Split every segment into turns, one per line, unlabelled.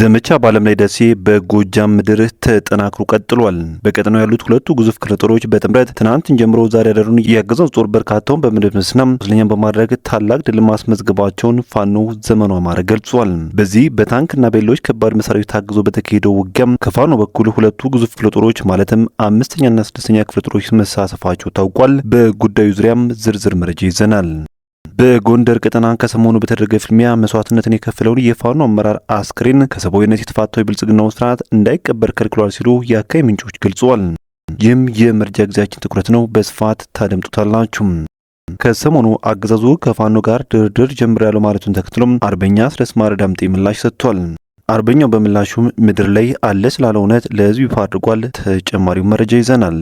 ዘመቻ ላይ ደሴ በጎጃም ምድር ተጠናክሮ ቀጥሏል። በቀጠናው ያሉት ሁለቱ ግዙፍ ክፍለ ጦሮች በጥምረት ትናንትን ጀምሮ ዛሬ ያደሩን የአገዛዙ ጦር በርካታውን በመደምሰስና ቁስለኛን በማድረግ ታላቅ ድል ማስመዝገባቸውን ፋኖ ዘመኑ አማረ ገልጿል። በዚህ በታንክና በሌሎች ከባድ መሳሪያዎች ታግዞ በተካሄደው ውጊያም ከፋኖ በኩል ሁለቱ ግዙፍ ክፍለ ጦሮች ማለትም አምስተኛና ስድስተኛ ክፍለ ጦሮች መሳሰፋቸው ታውቋል። በጉዳዩ ዙሪያም ዝርዝር መረጃ ይዘናል። በጎንደር ቀጠና ከሰሞኑ በተደረገ ፍልሚያ መስዋዕትነትን የከፈለውን የፋኖ አመራር አስክሬን ከሰብአዊነት የተፋታው የብልጽግናውን ስርዓት እንዳይቀበር ከልክሏል ሲሉ የአካባቢ ምንጮች ገልጸዋል። ይህም የመረጃ ጊዜያችን ትኩረት ነው፣ በስፋት ታደምጡታላችሁ። ከሰሞኑ አገዛዙ ከፋኖ ጋር ድርድር ያለው ማለቱን ተከትሎም አርበኛ ስለስማረ ዳምጤ ምላሽ ሰጥቷል። አርበኛው በምላሹም ምድር ላይ አለ ስላለ እውነት ለህዝብ ይፋ አድርጓል። ተጨማሪው መረጃ ይዘናል።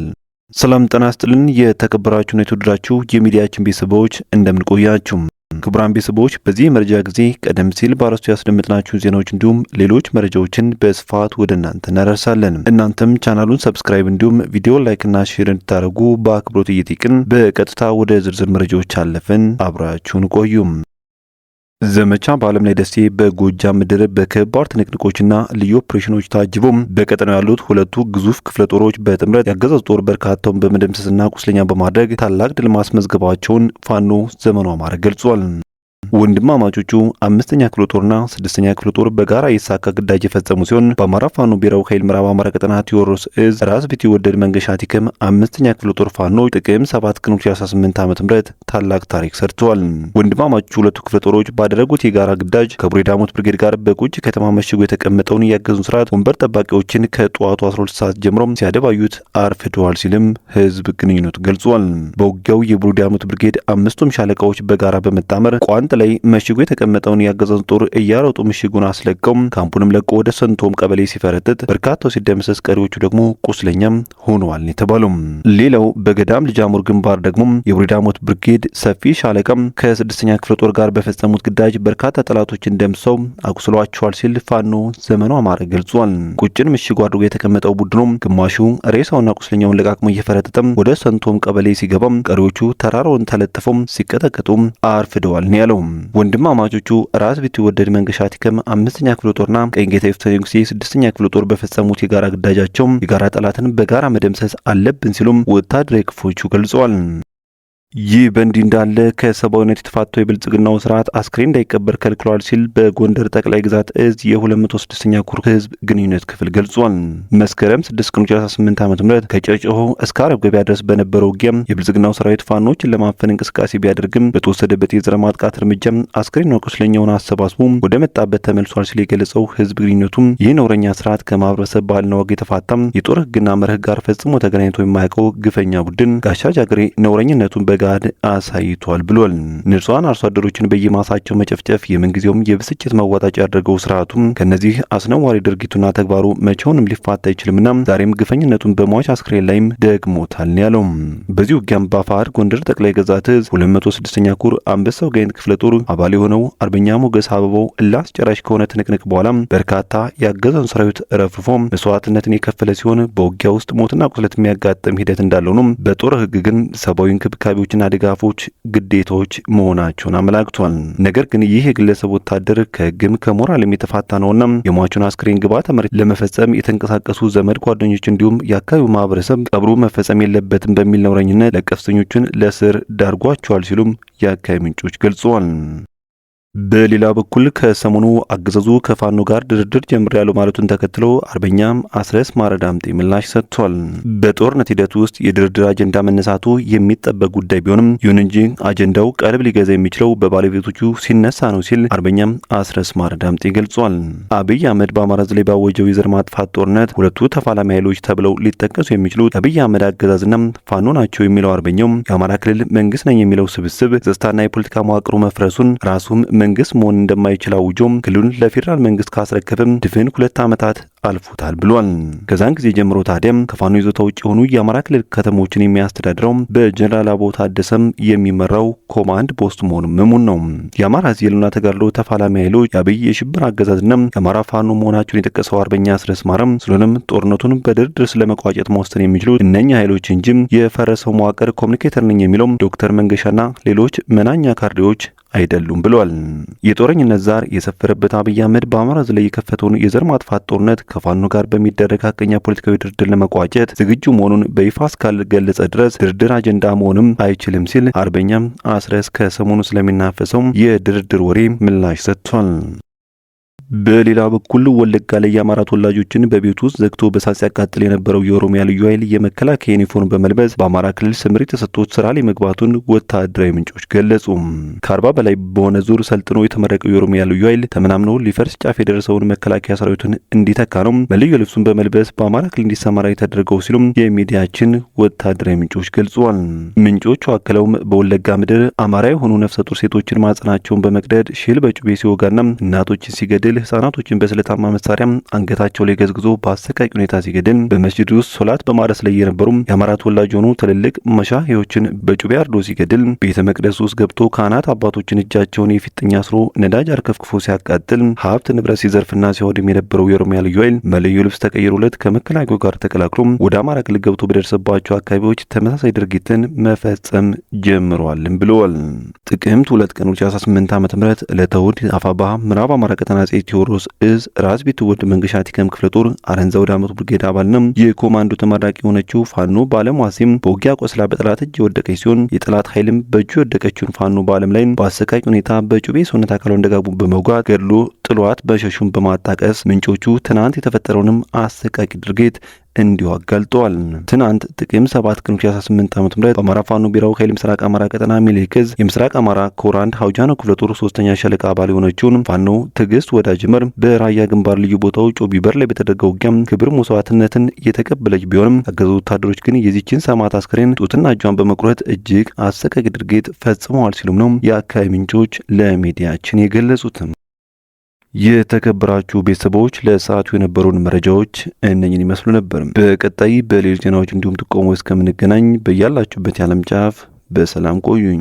ሰላም ጤና ይስጥልን። የተከበራችሁና የተወደዳችሁ የሚዲያችን ቤተሰቦች እንደምንቆያችሁ። ክቡራን ቤተሰቦች በዚህ መረጃ ጊዜ ቀደም ሲል በአርዕስቱ ያስደመጥናችሁን ዜናዎች እንዲሁም ሌሎች መረጃዎችን በስፋት ወደ እናንተ እናደርሳለን። እናንተም ቻናሉን ሰብስክራይብ እንዲሁም ቪዲዮ ላይክና ሼር እንድታደርጉ በአክብሮት እየጠየቅን በቀጥታ ወደ ዝርዝር መረጃዎች አለፍን። አብራችሁን ቆዩም ዘመቻ ላይ ደሴ በጎጃም ምድር በከባድ ትንቅንቆችና ልዩ ኦፕሬሽኖች ታጅቦ በቀጠናው ያሉት ሁለቱ ግዙፍ ክፍለ ጦሮች በጥምረት ያገዛዙ ጦር በርካታውን በመደምሰስና ቁስለኛ በማድረግ ታላቅ ድል ማስመዝገባቸውን ፋኖ ዘመኑ አማረ ገልጿል። ወንድማማቾቹ አምስተኛ ክፍለ ጦርና ስድስተኛ ክፍለ ጦር በጋራ የተሳካ ግዳጅ የፈጸሙ ሲሆን በአማራ ፋኖ ብሔራዊ ኃይል ምዕራብ አማራ ቀጠና ቴዎድሮስ እዝ ራስ ወደድ መንገሻ ቲክም አምስተኛ ክፍለ ጦር ፋኖ ጥቅም 7 ቀን 2018 ዓ.ም ታላቅ ታሪክ ሰርተዋል። ወንድማማቾቹ ሁለቱ ክፍለ ጦሮች ባደረጉት የጋራ ግዳጅ ከቡሬ ዳሞት ብርጌድ ጋር በቁጭ ከተማ መሽጎ የተቀመጠውን ያገዙን ስርዓት ወንበር ጠባቂዎችን ከጠዋቱ 12 ሰዓት ጀምሮ ሲያደባዩት አርፍደዋል ሲልም ህዝብ ግንኙነቱ ገልጿል። በውጊያው የቡሬ ዳሞት ብርጌድ አምስቱም ሻለቃዎች በጋራ በመጣመር ቋንጥ ጥቅምት ላይ መሽጉ የተቀመጠውን ያገዛዙን ጦር እያሮጡ ምሽጉን አስለቀው ካምፑንም ለቆ ወደ ሰንቶም ቀበሌ ሲፈረጥጥ በርካታው ሲደመሰስ፣ ቀሪዎቹ ደግሞ ቁስለኛም ሆነዋል የተባሉ። ሌላው በገዳም ልጃሙር ግንባር ደግሞ የብሬዳሞት ብርጌድ ሰፊ ሻለቃም ከስድስተኛ ክፍለ ጦር ጋር በፈጸሙት ግዳጅ በርካታ ጠላቶችን ደምሰው አቁስሏቸዋል ሲል ፋኖ ዘመኑ አማረ ገልጿል። ቁጭን ምሽጉ አድርጎ የተቀመጠው ቡድኑ ግማሹ ሬሳውና ቁስለኛውን ለቃቅሞ እየፈረጥጥም ወደ ሰንቶም ቀበሌ ሲገባም፣ ቀሪዎቹ ተራራውን ተለጥፈው ሲቀጠቀጡም አርፍደዋል ነው ያለው። ወንድማማቾቹ ራስ ቢትወደድ መንገሻ ቲከም አምስተኛ ክፍለ ጦርና ቀኝ ጌታ ይፍተ ንጉሴ ስድስተኛ ክፍለ ጦር በፈጸሙት የጋራ ግዳጃቸው የጋራ ጠላትን በጋራ መደምሰስ አለብን ሲሉም ወታደራዊ ክፍሎቹ ገልጸዋል። ይህ በእንዲህ እንዳለ ከሰብአዊነት የተፋተው የብልጽግናው ስርዓት አስክሬን እንዳይቀበር ከልክሏል ሲል በጎንደር ጠቅላይ ግዛት እዝ የ206ኛ ኩር ህዝብ ግንኙነት ክፍል ገልጿል። መስከረም 6 ቀን 2018 ዓ.ም ከጨጨሆ እስከ አረብ ገበያ ድረስ በነበረው ውጊያ የብልጽግናው ሰራዊት ፋኖችን ለማፈን እንቅስቃሴ ቢያደርግም በተወሰደበት የዘረ ማጥቃት እርምጃ አስክሬንና ቁስለኛውን አሰባስቦ ወደ መጣበት ተመልሷል ሲል የገለጸው ህዝብ ግንኙነቱም ይህ ነውረኛ ስርዓት ከማህበረሰብ ባህልና ወግ የተፋታም የጦር ህግና መርህ ጋር ፈጽሞ ተገናኝቶ የማያውቀው ግፈኛ ቡድን ጋሻ ጃግሬ ነውረኝነቱን በ በተጋድ አሳይቷል ብሏል። ንጹሐን አርሶ አደሮችን በየማሳቸው መጨፍጨፍ የምንጊዜውም የብስጭት መዋጣጫ ያደርገው ስርዓቱም ከነዚህ አስነዋሪ ድርጊቱና ተግባሩ መቼውንም ሊፋታ አይችልምና ዛሬም ግፈኝነቱን በሟች አስክሬን ላይም ደግሞታል ያለው በዚህ ውጊያም በአፋር ጎንደር ጠቅላይ ግዛት እዝ 206ኛ ኩር አንበሳው ጋይንት ክፍለ ጦር አባል የሆነው አርበኛ ሞገስ አበባው ላስጨራሽ ከሆነ ትንቅንቅ በኋላ በርካታ ያገዘውን ሰራዊት ረፍፎ መስዋዕትነትን የከፈለ ሲሆን በውጊያ ውስጥ ሞትና ቁስለት የሚያጋጥም ሂደት እንዳለው ነው። በጦር ህግ ግን ሰብአዊ እንክብካቤዎች ክትትሎችና ድጋፎች ግዴታዎች መሆናቸውን አመላክቷል። ነገር ግን ይህ የግለሰብ ወታደር ከህግም ከሞራል የሚተፋታ ነውና የሟቹን አስክሬን ግብዓተ መሬት ለመፈጸም የተንቀሳቀሱ ዘመድ ጓደኞች፣ እንዲሁም የአካባቢው ማህበረሰብ ቀብሩ መፈጸም የለበትም በሚል ነውረኝነት ለቀስተኞቹን ለእስር ዳርጓቸዋል ሲሉም የአካባቢ ምንጮች ገልጸዋል። በሌላ በኩል ከሰሞኑ አገዛዙ ከፋኖ ጋር ድርድር ጀምሬያለሁ ማለቱን ተከትሎ አርበኛ አስረስ ማረዳምጤ ምላሽ ሰጥቷል። በጦርነት ሂደት ውስጥ የድርድር አጀንዳ መነሳቱ የሚጠበቅ ጉዳይ ቢሆንም ይሁን እንጂ አጀንዳው ቀልብ ሊገዛ የሚችለው በባለቤቶቹ ሲነሳ ነው ሲል አርበኛም አስረስ ማረ ዳምጤ ገልጿል። አብይ አህመድ በአማራ ዘላይ ባወጀው የዘር ማጥፋት ጦርነት ሁለቱ ተፋላሚ ኃይሎች ተብለው ሊጠቀሱ የሚችሉት አብይ አህመድ አገዛዝና ፋኖ ናቸው የሚለው አርበኛው የአማራ ክልል መንግስት ነኝ የሚለው ስብስብ ጸጥታና የፖለቲካ መዋቅሩ መፍረሱን ራሱም መንግስት መሆን እንደማይችል አውጆም ክልሉን ለፌዴራል መንግስት ካስረከብም ድፍን ሁለት ዓመታት አልፎታል ብሏል። ከዛን ጊዜ ጀምሮ ታዲያም ከፋኖ ይዞታ ውጭ የሆኑ የአማራ ክልል ከተሞችን የሚያስተዳድረው በጀነራል አበባው ታደሰም የሚመራው ኮማንድ ፖስት መሆኑ እሙን ነው። የአማራ ሕዝብ ተጋድሎ ተፋላሚ ኃይሎች የአብይ የሽብር አገዛዝና የአማራ ፋኖ መሆናቸውን የጠቀሰው አርበኛ አስረስ ማረም፣ ስለሆነም ጦርነቱን በድርድር ስለመቋጨት መወሰን የሚችሉት እነኛ ኃይሎች እንጂ የፈረሰው መዋቅር ኮሚኒኬተር ነኝ የሚለውም ዶክተር መንገሻና ሌሎች መናኛ ካድሬዎች አይደሉም ብሏል። የጦረኝነት ዛር የሰፈረበት አብይ አህመድ በአማራ ላይ የከፈተውን የዘር ማጥፋት ጦርነት ከፋኖ ጋር በሚደረግ ሀቀኛ ፖለቲካዊ ድርድር ለመቋጨት ዝግጁ መሆኑን በይፋ እስካልገለጸ ድረስ ድርድር አጀንዳ መሆንም አይችልም ሲል አርበኛም አስረስ ከሰሞኑ ስለሚናፈሰው የድርድር ወሬ ምላሽ ሰጥቷል። በሌላ በኩል ወለጋ ላይ የአማራ ተወላጆችን በቤት ውስጥ ዘግቶ በሳት ሲያቃጥል የነበረው የኦሮሚያ ልዩ ኃይል የመከላከያ ዩኒፎርም በመልበስ በአማራ ክልል ስምሪት ተሰጥቶት ስራ ላይ መግባቱን ወታደራዊ ምንጮች ገለጹ። ከአርባ በላይ በሆነ ዙር ሰልጥኖ የተመረቀው የኦሮሚያ ልዩ ኃይል ተመናምኖ ሊፈርስ ጫፍ የደረሰውን መከላከያ ሰራዊቱን እንዲተካ ነው በልዩ ልብሱን በመልበስ በአማራ ክልል እንዲሰማራ የተደረገው ሲሉም የሚዲያችን ወታደራዊ ምንጮች ገልጸዋል። ምንጮቹ አክለውም በወለጋ ምድር አማራ የሆኑ ነፍሰ ጡር ሴቶችን ማጽናቸውን በመቅደድ ሽል በጩቤ ሲወጋና እናቶችን ሲገድል ህጻናቶችን በስለታማ መሳሪያ አንገታቸው ላይ ገዝግዞ በአሰቃቂ ሁኔታ ሲገድል በመስጅድ ውስጥ ሶላት በማረስ ላይ የነበሩ የአማራ ተወላጅ የሆኑ ትልልቅ መሻሄዎችን በጩቤ አርዶ ሲገድል ቤተ መቅደስ ውስጥ ገብቶ ካህናት አባቶችን እጃቸውን የፊጥኛ አስሮ ነዳጅ አርከፍክፎ ሲያቃጥል ሀብት ንብረት ሲዘርፍና ሲያወድም የነበረው የኦሮሚያ ልዩ ኃይል መለዩ ልብስ ተቀይሮለት ከመከላከያው ጋር ተቀላቅሎ ወደ አማራ ክልል ገብቶ በደረሰባቸው አካባቢዎች ተመሳሳይ ድርጊትን መፈጸም ጀምረዋልም ብለዋል። ጥቅምት ሁለት ቀን 2018 ዓ ም ዕለተ አፋባ ምዕራብ አማራ ቀጠና ጼ ቴዎድሮስ እዝ ራስ ቤት ወልድ መንገሻ ቲከም ክፍለ ጦር አረንዛው ዳሞት ብርጌድ አባልንም የኮማንዶ ተመራቂ የሆነችው ፋኖ በአለም ዋሴም በውጊያ ቆስላ በጠላት እጅ የወደቀች ሲሆን የጠላት ኃይልም በእጁ የወደቀችውን ፋኖ በአለም ላይ በአሰቃቂ ሁኔታ በጩቤ ሰውነት አካሏን እንደጋቡ በመጓት ገድሎ ጥሏት በሸሹን በማጣቀስ ምንጮቹ ትናንት የተፈጠረውንም አሰቃቂ ድርጊት እንዲሁ አጋልጠዋል። ትናንት ጥቅም 7 ቀን 2018 ዓ.ም ላይ በአማራ ፋኖ ቢራው ኃይል ምስራቅ አማራ ቀጠና ሚሊክዝ የምስራቅ አማራ ኮራንድ ሀውጃኖ ክፍለ ጦር ሶስተኛ ሻለቃ አባል የሆነችውን ፋኖ ትዕግስት ወዳጅ መር በራያ ግንባር ልዩ ቦታው ጮቢበር ላይ በተደረገው ውጊያ ክብር መስዋዕትነትን የተቀበለች ቢሆንም አገዛዙ ወታደሮች ግን የዚችን ሰማዕት አስክሬን ጡትና እጇን በመቁረጥ እጅግ አሰቃቂ ድርጊት ፈጽመዋል ሲሉም ነው የአካባቢ ምንጮች ለሚዲያችን የገለጹት። የተከበራችሁ ቤተሰቦች ለሰዓቱ የነበሩን መረጃዎች እነኝን ይመስሉ ነበር። በቀጣይ በሌሎች ዜናዎች እንዲሁም ጥቆሞ እስከምንገናኝ በያላችሁበት የዓለም ጫፍ በሰላም ቆዩኝ።